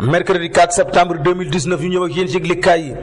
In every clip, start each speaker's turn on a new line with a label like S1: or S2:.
S1: mercredi 4 septembre 2019 ñu ñëw ak yéen yëglekaay yi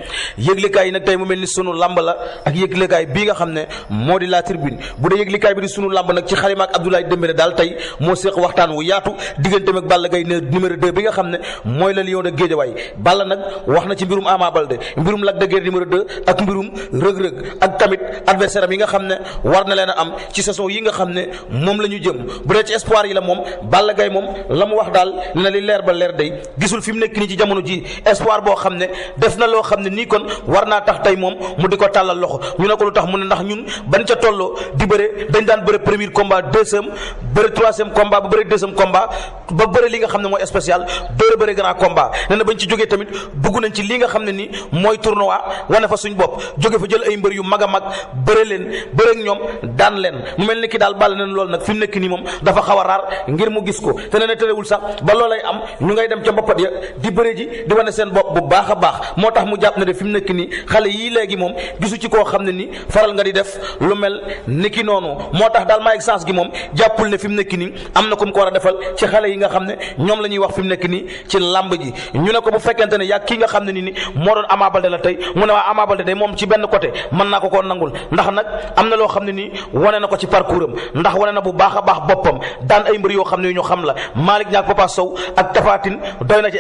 S1: yëglekaay yi nag tey mu mel ni sunu lamb la ak yëglekaay bii nga xam ne moo di la tribune bu dee yëglekaay bi di sunu lamb nag ci xarima ak Abdoulaye daal tey moo séq waxtaan wu yaatu digganteem ak Balla Gaye numéro 2 bi nga xam ne mooy la Lion de Guédiawaye Balla nag wax na ci mbirum Ama Baldé mbirum Lac de Guiers numéro 2 ak mbirum rëg ak tamit adversaire am nga xam ne war na leen am ci saison yi nga xam ne moom la ñu jëm bu dee ci espoir yi la moom Balla Gaye moom la mu wax daal na li leer ba leer day gisul fi nekk nii ci jamono ji espoir boo xam ne def na loo xam ne nii kon war naa tax tey moom mu di ko tàllal loxo ñu ne ko lu tax mu ne ndax ñun ba ban ca tolloo di bëre dañ daan bëre premier combat deuxième bëre troisième combat ba bëre deuxième combat ba bëre li nga xam ne mooy spécial doore bëre grand combat nee na bañ ci jógee tamit dugg nañ ci li nga xam ne ni mooy tournoi wane fa suñ bopp jóge fa jël ay mbër yu mag a mag bëre leen bëre ñoom daan leen mu mel ni ki daal bàll neen loolu nag fi mu nekk nii moom dafa xaw a ngir mu gis ko te nee na ba loolay am ñu dem ca mboppat jot di bëre ji di wane seen bopp bu baax a baax moo tax mu jàpp ne de fi mu nekk nii xale yii léegi moom gisu ci koo xam ne ni faral nga di def lu mel ni ki noonu moo tax daal maa sens gi moom jàppul ne fi mu nekk nii am na ku mu ko war a defal ci xale yi nga xam ne ñoom lañuy wax fi mu nekk nii ci làmb ji ñu ne ko bu fekkente ne yaa kii nga xam ne ni ni moo doon Ama Baldé la tey mu ne waa Ama Baldé day moom ci benn côté mën naa ko koo nangul ndax nag am na loo xam ne nii wane na ko ci parcours am ndax wane na bu baax a baax boppam daan mbër yoo xam ne ñu xam la Malick ñaak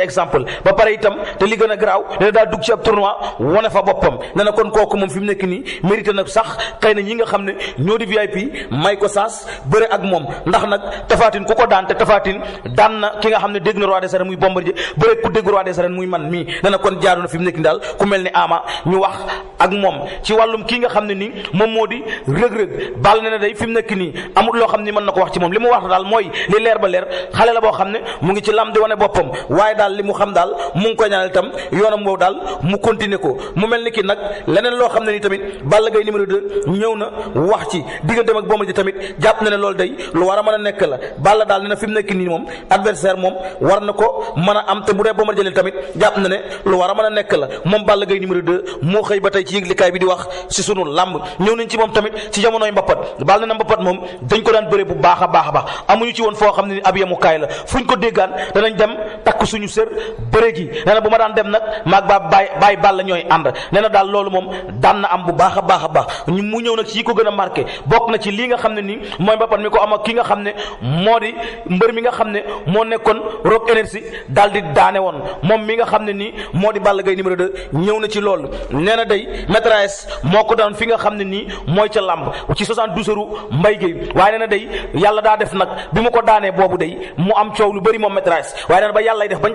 S1: exemple ba pare itam te li gën a garaaw dina daa dugg ci ab tournoi wane fa boppam ne na kon kooku moom fi mu nekk nii mérité nag sax xëy na ñi nga xam ne ñoo di VIP may ko saas bëre ak moom ndax nag tafaatin ku ko daan te tafaatin daan na ki nga xam ne dégg na roi des arènes muy Bombardier bëre ku dégg roi des arènes muy man mii dana kon jaaru na fi nekk nii daal ku mel ni Ama ñu wax ak moom ci wàllum kii nga xam ne nii moom moo di rëg-rëg baal na ne day mu nekk nii amul loo xam ni na ko wax ci li mu wax daal mooy li mu ngi ci lam daal li mu xam daal mu ngi koy ñaanal itam yoonam woowu daal mu continuer ko mu mel ni ki nag leneen loo xam ne ni tamit Balla Gaye numéro 2 ñëw na wax ci digganteem ak Bombardier tamit jàpp na ne loolu day lu war a man a nekk la Balla daal ne na fi nekk moom adversaire moom war na ko mën a am te bu dee Bombardier jëlee tamit na ne lu war a mën a nekk la moom Balla Gaye numéro 2 moo xëy ba tey ci yëglikaay bi di wax si sunu làmb ñëw nañ ci moom tamit ci jamonoy mbappat Balla na mbappat moom dañ ko daan bëre bu baax a baax a baax amuñu ci woon foo xam ne ni ab yemukaay la fuñ ko déggaan danañ kër bëre ji nee na bu ma daan dem nag maag baa baay baay bàll ñooy ànd nee daal loolu moom daan na am bu baax a baax a baax ñu mu ñëw nag ci yi ko gën a bokk na ci lii nga xam ne nii mooy mbappat mi ko am ak nga xam ne moo di mbër mi nga xam ne moo nekkoon rock énergie daal di daane woon moom mi nga xam ne nii moo di Balla Gaye numéro 2 ñëw na ci loolu nee na day maîtresse moo ko daan fi nga xam ne nii mooy ca làmb ci 72 heures mbay géey waaye nee na day yàlla daa def nag bi mu ko daanee boobu day mu am coow lu bëri moom maîtresse waaye nee ba yàlla def bañ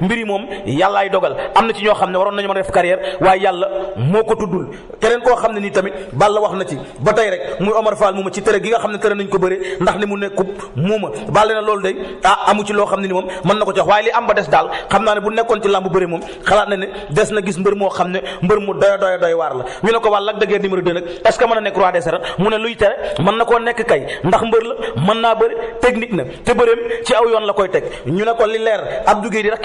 S1: mbir yi moom yàllaay dogal am na ci ñoo xam ne waroon nañu mën a def carrière waaye yàlla moo ko tuddul keneen koo xam ne nii tamit Balla wax na ci ba tey rek muy Omar Fall muuma ci tere gi nga xam ne tere nañ ko bëre ndax ni mu nekkub muuma Balla na loolu day ah amu ci loo xam ne ni moom mën na ko jox waaye li am ba des daal xam naa ne bu nekkoon ci làmb bëre moom xalaat na ne des na gis mbër moo xam ne mbër mu doy doy doy waar la ñu ne ko wàll ak dëggeer numéro 2 nag est ce nekk roi des ndax mbër la mën naa bëri technique na te bëreem ci yoon la koy teg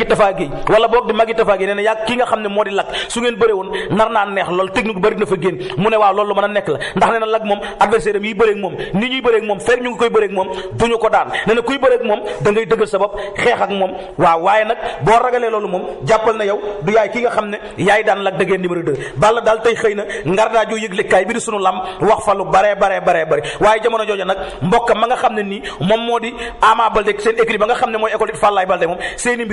S1: Tafa Gueye wala boog di magi Tafa Gueye nee na yàgg ki nga xam ne moo di Lac su ngeen bëre woon nar naa neex lool technique bëri na fa génn mu ne waaw loolu mën a nekk la ndax nee na Lac moom adversaire am yi bëreeg moom ni ñuy bëreeg moom fekk ñu ngi koy bëreeg moom du ñu ko daan nee kuy bëreeg moom da ngay dëggal sa bopp xeex ak moom waaw waaye nag boo ragalee loolu moom jàppal na yow du yaay ki nga xam ne yaay daan Lac de Guiers numéro 2 Balla daal tey xëy na ngar daa joo yëgle kaay bi di sunu lam lu bare bare bare bare waaye jamono jooju nag mbokk ma xam ne nii moom moo di Ama Baldé seen écrit ba nga xam ne mooy école it Fallaye Baldé moom seeni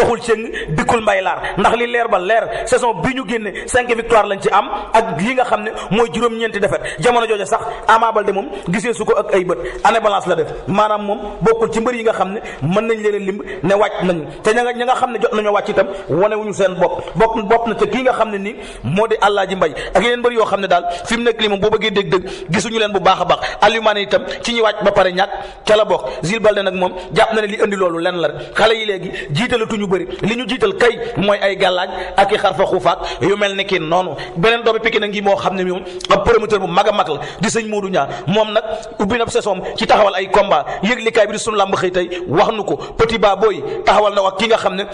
S1: doxul cëng dikkul mbay laar ndax li leer ba leer saison bi ñu génne cinq victoire lañ ci am ak li nga xam ne mooy juróom-ñeenti defet jamono jooja sax Ama Baldé moom gisee su ko ak ay bët année balance yi nga xam ne mën nañ leen a limb ne wàcc nañu te ña nga ña nga xam ne jot nañoo wàcc itam wane wuñu seen bopp bopp bopp na te kii nga xam ne nii moo di Alaaji Mbay ak yeneen mbër yoo xam ne daal fi mu nekk li moom boo bëggee dégg dëgg gisuñu leen bu baax a baax alimaane itam ci ñi wàcc ba pare ñàkk ca la bokk Zil Baldé nag moom jàpp na ne li indi loolu lenn la xale yi léegi jiitalatuñu bëri li ñu jiital kay mooy ay gàllaaj ak i fa xuufaak yu mel ni kii noonu beneen doomi Pikine a ngi moo xam ne moom ab promoteur bu mag a mag la di sëñ Modou moom nag ubbi na saison ci taxawal ay combat yëglikaay bi di sunu làmb xëy tey wax nu ko petit ba booy taxawal na wax ki nga xam ne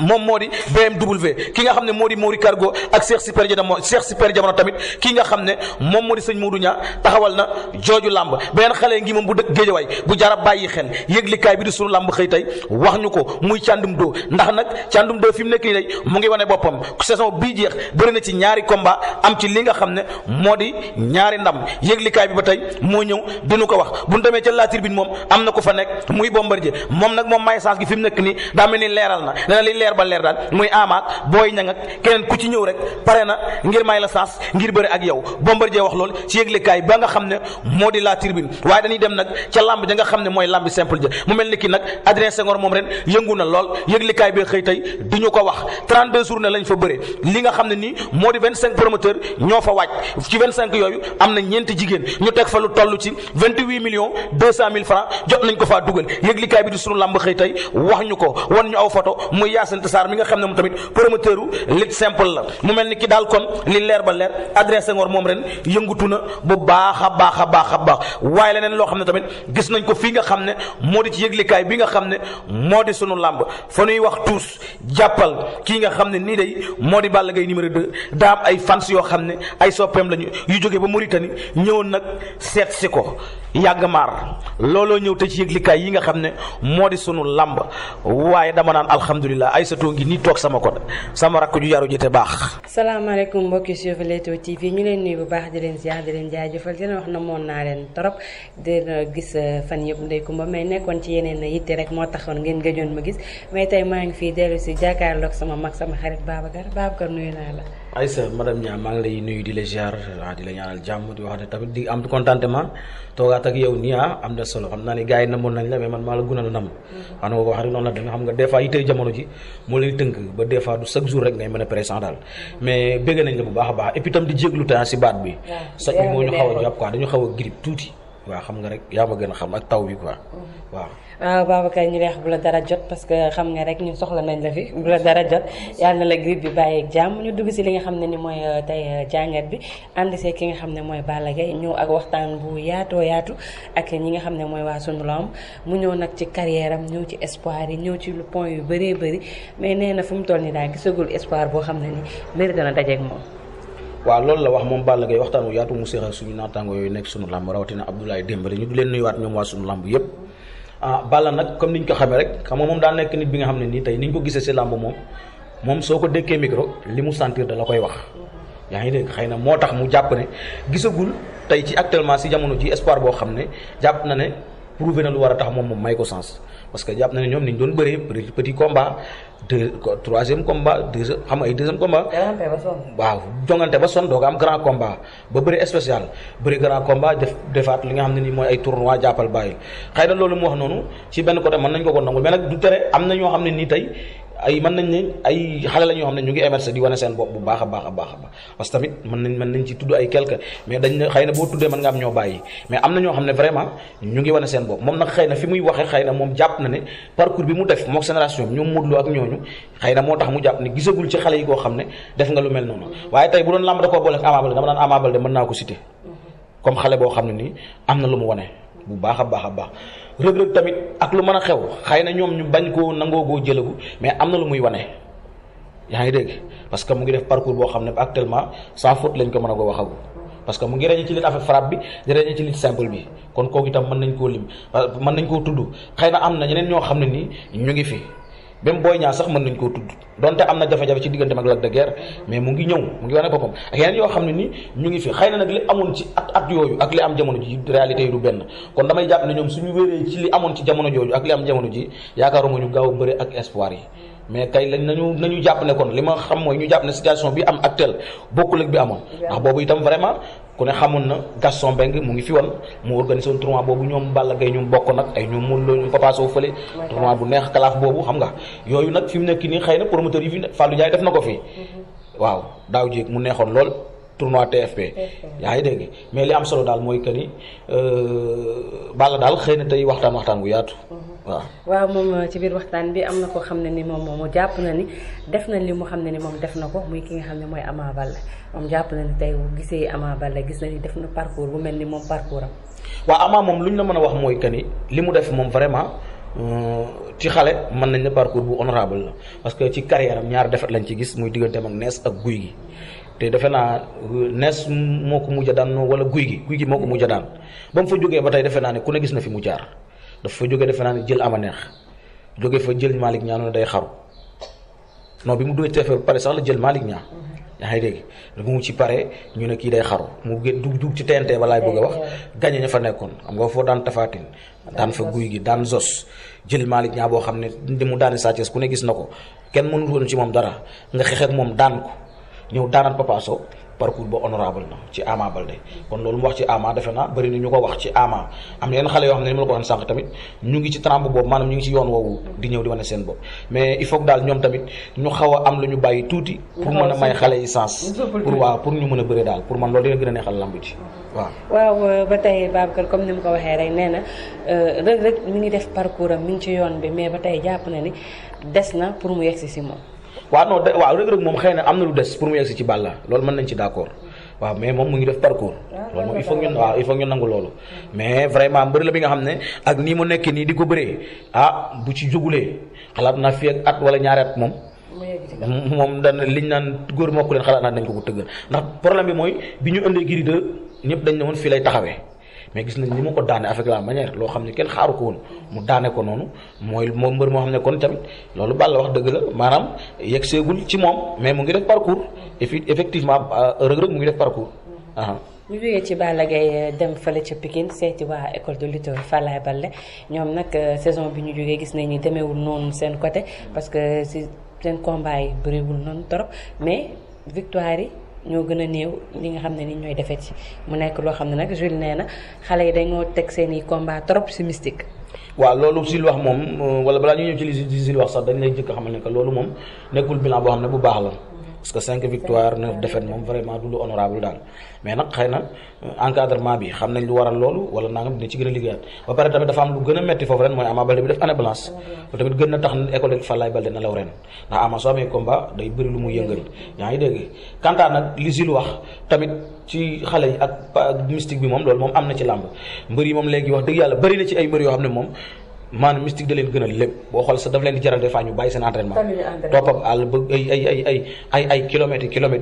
S1: moom moo di BMW ki nga xam ne moo di Mori Cargo ak Cheikh Super Jamono Cheikh Super Jamono tamit ki nga xam ne moom moo di sëñ Modou Niang taxawal na jooju làmb beneen xale ngi moom bu dëkk géejawaay bu jara bàyyi xel yëglikaay bi di suñu làmb xëy tey wax ñu ko muy càndum doo ndax nag candum doo fi mu nekk nii day mu ngi wane boppam saison bii jeex bëri na ci ñaari combat am ci li nga xam ne moo di ñaari ndam yëglikaay bi ba tey moo ñëw dinu ko wax bu ñu demee ca la tribune moom am na ko fa nekk muy Bombardier moom nag moom may chance gi fi mu nekk nii ni leeral na leer ba leer daal muy amaak booy ñang ak keneen ku ci ñëw rek pare na ngir may la saas ngir bëri ak yow Bombardier wax loolu ci yëglekaay ba nga xam ne moo di la tribune waaye dañuy dem nag ca lamb ja nga xam ne mooy lamb simple ja mu mel ni ki nag Adrien Senghor moom ren yëngu na lool yëglekaay bi xëy tey du ñu ko wax 32 journée lañ fa bëre li nga xam ne nii moo di 25 promoteur ñoo fa wàcc ci 25 yooyu am na ñeenti jigéen ñu teg fa lu toll ci 28 millions 200 mille francs jot nañ ko faa dugal Sint Sarr mi nga xam ne moom tamit promoteur u lit simple la mu mel ni ki daal kon li leer ba leer adressé ngoor moom ren yëngutu na bu baax a baax a baax a baax waaye leneen loo xam ne tamit gis nañ ko fii nga xam ne moo di ci yëglikaay bii nga xam ne moo di sunu làmb foo nuy wax tuus jàppal kii nga xam ne nii day moo di Balla Gaye numéro 2 daam ay fans yoo xam ne ay soppeem lañu yu jógee ba Mauritanie ñëwoon nag seet si ko yàgg maar looloo ñëw te ci yëglikaay yi nga xam ne moo di sunu làmb waaye dama naan alhamdulilah Aïssatou ngi nii toog sama kod sama rakk ju yaru ji te baax.
S2: salaamaaleykum mbokki suivre Leewtoo TV ñu leen nuyu bu baax di leen ziar di leen jaajëfal di leen wax na moon naa leen trop di gis euh, fan yëpp ndey kumba may nekkoon ci yeneen yitte rek moo taxoon ngeen gëjoon ma gis mais tey maa ngi fii dellu si jàkkaarloog sama mag sama xarit Babacar Babacar nuyu naa la.
S1: Aïssa madame Niang maa ngi lay nuyu di la ziar ah, di la ñaanal jàmm di wax ne tamit di am contentement toogaat ak yow nii ah am na solo xam naa ne gars namoon nañ la mais man maa la gën a nam mm-hmm. xam la demee xam nga des fois yitte jamono ji moo lay tënk ba des du chaque jour rek ngay mën a présent daal mm-hmm. mais bëgg nañ la bu baax a baax et puis di jéglu temps si baat bi saj moo ñu xaw a jàpp quoi dañu xaw a grippe tuuti waaw xam nga rek yaa ma gën a xam ak taw bi quoi mm-hmm. waaw
S2: waaw ah, Babacar ñu neex bu la dara jot parce que xam nga rek ñu soxla nañ la fi bu la dara jot yàlla na la grippe bi bàyyeeg jàmm ñu dugg si li nga xam ne ni mooy euh, tey euh, jàngat bi ànd see ki nga xam ne mooy Balla ñëw ak waxtaan bu yaatoo yaatu ak ñi nga xam ne mooy waa sunu mu ñëw nag ci carrière ñëw ci espoir yi ñëw ci lu point yu bëree bëri mais nee na fu mu toll nii daal gisagul espoir boo xam ne ni mérite na dajeeg moom.
S1: waaw loolu la wax moom Balla Gaye waxtaan bu yaatu mu seexal suñu naataango yooyu nekk sunu lamb rawatina Abdoulaye Dembélé ñu du nuyuwaat ñoom waa sunu lamb yëpp. ah Balla nag comme ñu ko xamee rek xam moom daa nekk nit bi nga xam ne nii tey niñ ko gisee si làmb moom moom soo ko dékkee micro li mu sentir da la koy wax. yaa ngi dégg xëy na moo tax mu jàpp ne gisagul tey ci actuellement si jamono ji espoir boo xam ne jàpp na ne prouvé na lu war a tax moom moom may ko sens. parce que jàpp na ne ñoom niñ doon bëree petit combat deux troisième combat deux xam ay deuxième combat. waaw jongante ba son doog am grand combat ba bëri spécial bëri grand combat def defaat li nga xam ne nii mooy ay tournoi jàppal bàyyi xëy na loolu mu wax noonu ci benn côté mën nañ ko ko nangul mais nag du tere am na ñoo xam ne nii tey ay man nañ ne ay xale la ñoo xam ne ñu ngi émerger di wane seen bopp bu baax a baax a baax a que tamit mën nañ mën nañ ci tudd ay quelque mais dañ ne xëy na boo tuddee mën nga am ñoo bàyyi mais am na ñoo xam ne vraiment ñu ngi wane seen bopp moom nag xëy na fi muy waxee xëy na moom jàpp na ne parcours bi mu def moo génération bi ñoom Modou Lo ak ñooñu xëy na moo tax mu jàpp ne gisagul ci xale yi koo xam ne def nga lu mel noonu waaye tey bu doon làmb da koo boole ak Ama Baldé dama naan ko citer mhm. comme xale boo xam ne nii am na lu mu wane bu baax baax a baax rëg-rëg tamit ak lu mën a xew xëy na ñoom ñu bañ koo nangoo koo jëlagu mais am na lu muy wane yaa ngi dégg parce que mu ngi def parcours boo xam ne actuellement sans faute lañ ko mën a ko waxagu parce que mu ngi reñe ci lutte avec frappe bi di reñe ci lutte simple bi kon kooku itam mën nañ koo lim mën nañ koo tudd xëy na am na ñeneen ñoo xam ne nii ñu ngi fi même booy Niang sax mën nañ koo tudd donte am na jafe-jafe ci diggante ak Lac de Guiers mais mu ngi ñëw mu ngi wane boppam ak yeneen yoo xam ne ni ñu ngi fi xay na nag li amoon ci at at yooyu ak li am jamono ji réalité yi du benn kon damay jàpp ne ñoom su suñu wéree ci li amoon ci jamono jooju ak li am jamono ji yaakaaruma ñu gaaw a bëri ak espoir yi mais tey lañ na ñu jàpp ne kon li ma xam mooy ñu jàpp ne situation bi am actuelle bokkul ak bi amoon ndax boobu itam vraiment ku ne xamoon na Gaston Mbengue mu ngi fi woon mu organisé woon tournoi boobu ñoom Balla Gaye ñoom bokk nag ay ñoom Modou boobu xam nga yooyu nag fi mu nekk nii xëy na promoteur yi fi Fallou Ndiaye def na ko fii mm-hmm. waaw daaw jéeg mu neexoon lool tournoi TFP. yaa ngi dégg mais li am solo daal mooy que ni euh, Balla daal xëy na tey waxtaan waxtaan bu yaatu. Mhm. waa
S2: waaw moom euh, ci biir waxtaan bi am na ko xam ne ni moom moom jàpp na ni def na li mu xam ne ni moom def na ko muy ki nga xam ne mooy Ama Baldé moom jàpp na ni tey gis na ni def na parcours bu mel ni moom parcours am.
S1: waaw Ama moom lu ñu la mën a wax mooy que ni li mu def moom vraiment. Euh, ci xale mën nañ ne parcours bu honorable la parce que ci carrière am ñaar defet lañ ci gis muy digganteem ak nees ak guy gi te defe naa euh, nees moo ko mujj a daan wala guy gi guy gi moo ko mujj a daan ba mu fa jógee ba tey defe naa ne ku ne gis na fi mu jaar dafa fa jógee defe naa ne jël ama neex jóge fa jël Malick Niang noonu day xaru non bi mu dugg ci ba sax la jël Malick Niang. Mm-hmm. yaa ngi dégg bu mu ci pare ñu ne kii day xaru mu gën dug dug ci TNT ba laay bëgg a wax. gañe nekkoon xam nga foo daan tafaatin daan fa guy gi daan zos jël Malick Niang boo xam ne li mu daani Sa Thiès ku ne gis na ko kenn mënul woon ci moom dara nga xeex moom daan ko. ñëw daanaan Papa Sow parcours ba honorable na ci Ama Baldé kon loolu mu wax ci Ama defe naa bëri na ñu ko wax ci Ama am na yenn xale yoo xam ne ni ma la ko daal a pour a may a man loolu dina gën a neexal lamb
S2: waaw euh, ba tey Babacar comme ni mu ko waxee rek nee na euh, Reug Reug ngi def parcours am mi ci yoon bi mais ba tey jàpp na ni des na pour mu yegsi si moom
S1: waaw non waaw rëg-rëg moom xëy na am na lu des pour mu yegg si ci la lool mën nañ ci d'accord waa mais moom mu ngi def parcours ah, loolu moom il faut ñun waaw il faut nangu loolu mais vraiment mbër la bi nga xam ne ak nii mu nekk nii di ko bëree ah bu ci jógulee xalaat naa fi ak at wala ñaari at moom moom dana liñ naan góor mokk leen xalaat naa dañ ko ko tëgg ndax problème bi mooy bi ñu ëndee giri de ñëpp dañ ne woon fii lay taxawee mais gis nañ ni mu ko daane avec la manière loo xam ne kenn xaaru ko woon mu daane ko noonu mooy moo mbër moo xam ne kon tamit loolu Balla wax dëgg la maanaam yegg seegul ci moom mais mu ngi def parcours et effectivement euh, Reug Reug mu ngi def parcours.
S2: ñu jógee ci Balla Gaye euh, dem fële ca Pikine seeti waa école de lutte Falaye Baldé ñoom nag euh, saison bi ñu jógee gis nañ ni demeewul noonu seen côté parce que si seen combat yi bëriwul noonu trop mais victoire yi. ñoo gën a néew li nga xam ne ni ñooy defet ci mu nekk loo xam ne nag Jules nee na xale yi dañoo teg seen i combat trop si mystique.
S1: waaw loolu si lu wax moom euh, wala balaa ñu ñëw ci li si li wax sax dañ lay jëkk xamal ne que loolu moom nekkul bilan boo xam ne bu baax la. parce que cinq victoire neuf défaite moom vraiment du lu honorable daal mais nag xëy euh, encadrement bi xam nañ lu waral loolu wala nangam dina ci gën a liggéeyaat ba pare tamit dafa am lu gën a metti foofu ren mooy Ama Baldé bi def année blanche loolu tamit gën na tax école Falaye Baldé na law ren ndax Ama soo amee combat day bëri lu muy yëngal yaa ngi dégg kantaan nag li Jules wax tamit ci xale yi ak mystique bi moom loolu moom am na ci làmb mbër moom wax dëgg yàlla bëri na ci ay mbër yoo xam ne moom maanaam mystique da leen gën a lépp boo xool sax dafa leen di jaral des ñu bàyyi seen entraînement topp àll ba ay ay ay ay ay ay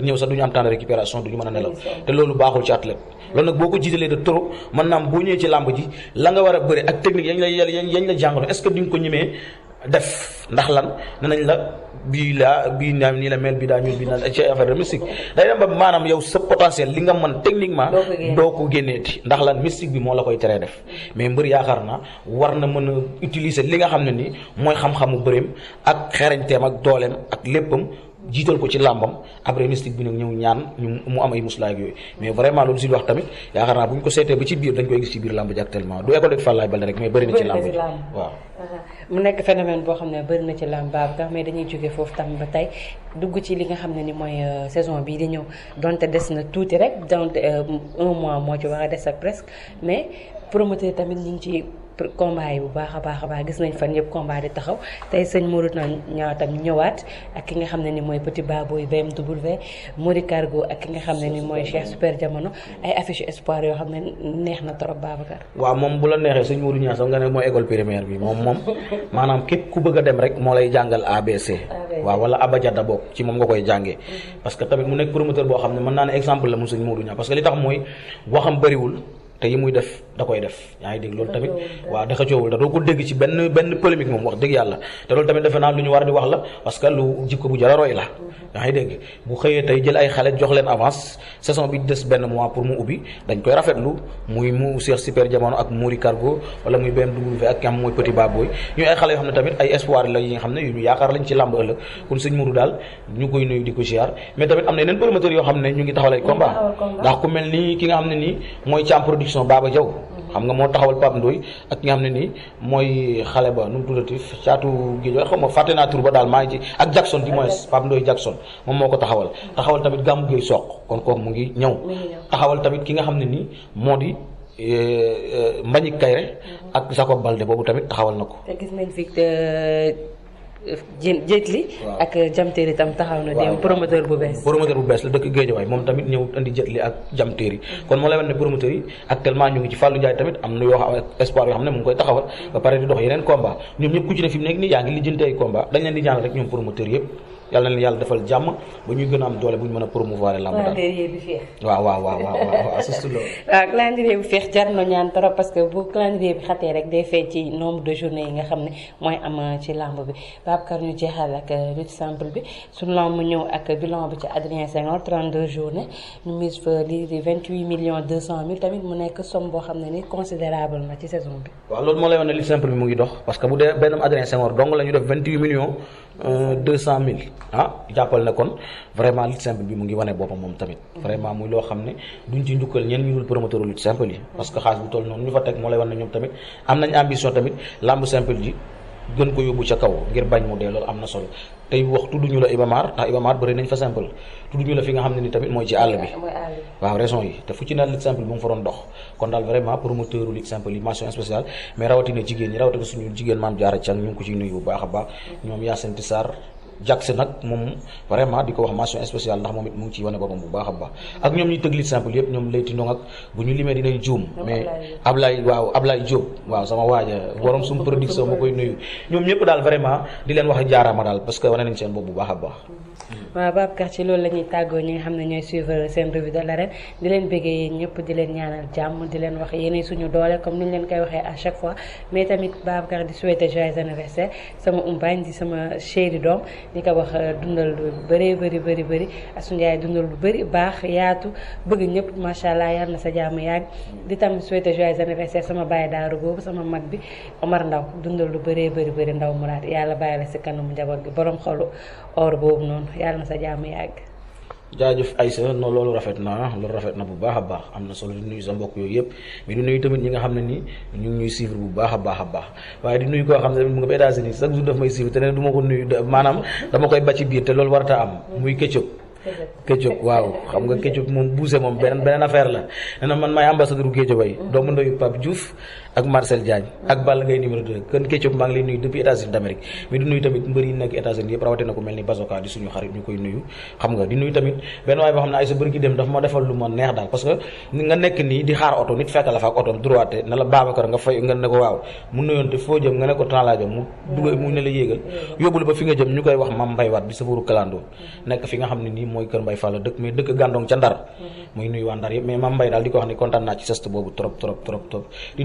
S1: ñëw sax du ñu am temps récupération du ñu mën a nelaw te loolu baaxul ci athlète loolu nag boo ko jiitalee de trop mën naam boo ñëwee ci làmb ji la nga war a bëri ak technique yañ la yañ la jàngalo est-ce que duñ ko ñemee def ndax lan ne nañ la bii laa bii naa nii la mel bii daa ñuul bii naa ci affaire de mystique day dem ba maanaam yow sa potentiel li nga mën techniquement doo ko ti ndax lan mystique bi moo la koy teree def mais mbër yaakaar na war na mën a utiliser li nga xam ne nii mooy xam-xamu bëreem ak xereñteem ak dooleem ak léppam jiital ko ci làmbam après mystique bi nag ñëw ñaan ñu mu am ay muslaay ak yooyu mais vraiment loolu si wax tamit yaakaar naa bu ñu ko seetee ba ci biir dañ koy gis ci biir làmb actuellement du école de Fallaye Baldé rek mais bëri ci làmb ji mu nekk
S2: phénomène boo xam ne bëri na ci làmb Babacar mais dañuy jóge foofu tam ba tey dugg ci li nga xam ne ni mooy euh, saison bii di donte des na tuuti rek donte euh, un mois moo ci war a des ak presque mais promoteur combat yi bu baax a baax a baax gis nañ fan yëpp combat di taxaw tey sëñ Modou ñaa tam ñëwaat ak ki nga xam ne ni mooy Petit Baboy BMW Mori Cargo ak ki nga xam ne ni mooy yoo xam ne neex na trop Babacar.
S1: waaw moom bu la neexee sëñ Modou ñaa sax nga ne mooy école primaire bi moom moom maanaam képp ku bëgg dem rek moo lay jàngal ABC. waaw wala abajada bokk ci moom nga koy jàngee. Mm-hmm. parce tamit mu nekk promoteur boo xam ne mën naa ne exemple la mu sëñ Modou ñaa parce que li tax mooy waxam te yi muy def da koy def yaa ngi dégg loolu tamit waaw da xëccoowul da doo ko dégg ci benn benn polémique moom wax dëgg yàlla te loolu tamit defe naa lu ñu war di wax la parce que lu jikko bu jara la mm-hmm. yaa ngi dégg bu xëyee tey jël ay xale jox leen avance saison bi des benn mois pour mu ubbi dañ koy rafetlu muy mu Cheikh Super Jamono ak Mouri Cargo wala muy BMW ak mooy Petit Baboy ñuy ay xale yoo xam ne tamit ay espoir la yi xam ne production Baba Diaw xam nga moo taxawal Pape Ndoye ak nga xam ne nii mooy xale ba nu mu saatu caatu géej waaye xaw ma fàtte naa tur ba daal maa ngi ci ak Jackson di mooy Pape Ndoye Jackson moom moo ko taxawal mm-hmm. taxawal tamit gàmmu géey soq kon mu ngi ñëw taxawal tamit ki nga xam ne nii moo di eh, eh, Mbagnick Kaïré mm-hmm. ak Jacob Baldé boobu tamit taxawal na ko
S2: Jetli ak euh, Jamteeri tam taxaw na dem
S1: promoteur bu bees promoteur bu bees la dëkk Géejawaay moom tamit ñëw indi Jetli ak Jamteeri kon moo lay wan ne promoteur yi actuellement ñu ngi ci Fallou tamit am na yoo xam espoir yoo xam ne mu ngi koy taxawal ba pare di dox yeneen combat ñoom ñëpp ku ci ne fi nekk nii yaa ngi lijjanti ay combat dañ leen di ñaanal rek ñoom promoteur yëpp yàlla na leen yàlla defal jàmm ba ñuy gën a am doole bu ñu mën a promouvoir lamb daal
S2: calendrier bi feex
S1: waaw waaw waaw waaw surtout loolu
S2: waaw calendrier bi feex jar na ñaan trop parce que bu calendrier bi xatee rek day feeñ ci nombre de journée yi nga xam ne mooy am ci lamb bi Babacar ñu jeexal ak lutte simple bi suñu lamb mu ñëw ak bilan bi ci Adrien Senghor 32 journée ñu mise fa lii di 28 millions 200 mille tamit mu nekk somme boo xam ne ni considérable na ci saison bi
S1: waaw loolu moo lay wax ne lutte simple bi mu ngi dox parce que bu dee benn Adrien Senghor dong la ñu def 28 millions Euh, deux cent mille ah jàppal ne kon vraiment lutte simple bi mu ngi wane boppam moom tamit vraiment muy loo xam ne duñ ci njukkal ñeen ñu dul promoteur lutte simple yi parce que xaalis bu toll noonu ñu fa teg moo lay wan ne ñoom tamit am nañ ambition tamit lamb simple ji gën ko yóbbu ca kaw ngir bañ mu dee loolu am na solo tey wax tudduñu la Ibamar ndax Ibamar bëri nañ fa simple ñu la fi nga xam ne ni tamit mooy ci àll bi waaw raison yi te fu ci naan ligue bu mu fa doon dox kon daal vraiment promoteur ligue simple yi mention spéciale mais rawatina jigéen ñi rawatina suñu jigéen maam jaara Thiam ñu ngi ko ciy nuyu bu baax a baax mm. ñoom Yacine Tissar Jackson nag moom vraiment di ko wax mention spéciale ndax moom it mu ngi ciy wane boppam bu baax a baax ak ñoom ñuy tëgg li simple yëpp ñoom layti ndong ak bu ñu limee dinañ juum mais Ablaye waaw Ablaye Diop waaw sama waaja borom suñu production ma koy nuyu ñoom ñëpp daal vraiment di leen wax jaaraama daal parce que wane nañ seen bopp bu baax a baax waaw
S2: Babacar ci loolu la tàggoo ñi nga xam ne ñooy suivre seen revue de l'arène di leen bëggee yéen ñëpp di leen ñaanal ni ñu leen koy waxee à chaque fois mais tamit Babacar ni ko wax euh, dundal lu bëree bëri bëri bëri Astou Ndiaye dundal lu bëri baax yaatu bëgg ñëpp macha allah yal na sa jàmm yàgg. di tam souhaité joyeux anniversaire sama bàyyi daaru boobu sama mag bi Omar Ndaw dundal lu bëree bëri bëri Ndaw Mourad yàlla bàyyi la si kanamu njaboot gi borom xolu or boobu noonu yal na sa jàmm yàgg.
S1: jaajëf Aïssa non loolu rafet na loolu rafet na bu baax a baax am na solo di nuyu sa mbokk yooyu yëpp mais di nuyu tamit ñi nga xam ne ni ñu ngi ñuy suivre bu baax a baax a baax waaye di nuyu koo xam ne mu nga ba États-Unis chaque jour daf may suivre te ne du ko nuyu maanaam dama koy ba ci biir te loolu warata am muy Ketchup Ketchup waaw xam nga Ketchup moom buuse moom beneen beneen affaire la nee na man maay ambassadeur u Guédiawaye mm. doomu ndeyu Pape Diouf ak Marcel Diagne ak Balla Gaye numéro 2 kon Ketchup maa ngi nuyu depuis États-Unis d'Amérique mais di nuyu tamit mbër yi nekk États-Unis yëpp rawatina ko mel ni tamit benn waaye boo xam ne ay sa bërki dem dafa ma defal lu ma neex daal parce que nga nekk nii di xaar oto nit fekk la fa ak oto droite na la Babacar nga fay nga ne ko waaw mu nuyoon te foo jëm nga ne ko temps mu dugal mu ne la yéegal yóbbu la ba fi nga jëm ñu koy wax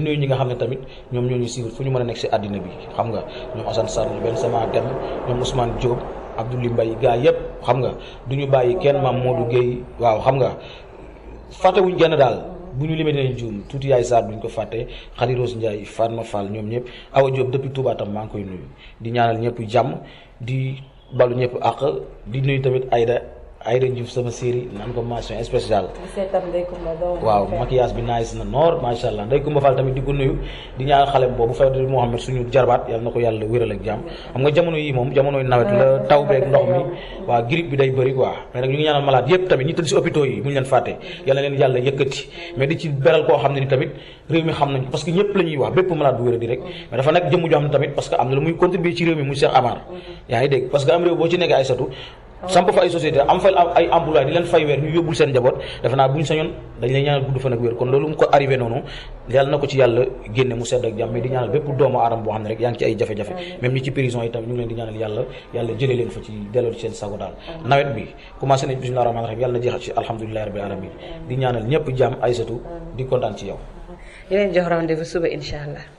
S1: Mam Mbay xam ne tamit ñoom ñoo ñu suivre fu ñu mën a nekk si àddina bi xam nga ñoom Assane Sarr benn sama dem ñoom Ousmane Diop Abdoulaye yi gaa yëpp xam nga du ñu bàyyi kenn maam Modou Guèye waaw xam nga fàttewuñ kenn daal bu ñu limee dinañ juum tuuti yaay Sarr duñ ko fàtte Khady Rose Ndiaye ma Fall ñoom ñëpp Awa Diop depuis Touba maa ngi koy nuyu di ñaanal ñëpp jàmm di balu ñëpp àq di nuyu tamit Aïda Ayra Diouf sama série naan ko mention spéciale
S2: waaw maquillage
S1: bi nice na noor macha allah Ndeye Coumba Fall tamit di ko nuyu di ñaar xalem boobu Fadel Mohamed suñu jarbaat yàlla na ko yàlla wéral ak xam nga jamono yi moom jamonoy nawet la taw beeg ndox mi waaw grippe bi day bëri quoi mais nag ñu ngi ñaanal malade yëpp tamit ñi tëdd si yi bu ñu leen fàtte yàlla leen yàlla yëkkati mais di ci beral koo xam ne ni tamit réew mi xam am na lu muy contribuer ci réew mi muy Cheikh Amar mm-hmm. yaa ngi dégg parce que am réew boo ci nekk ay samp fa ay société am fa ay employé di leen fay weer ñu yóbbul seen njaboot defe naa bu ñu sañoon dañ lay leen ñaanal yàlla yàlla jëlee leen fa ci delloo ci seen sago daal nawet bi commencé nañ bismillah rahmaan rahim yàlla na jeexal ci alhamdulilahi rabbil alamin di ñaanal ñëpp jàmm aysatu di kontaan ci yow
S2: yeneen jox rendez-vous suba incha allah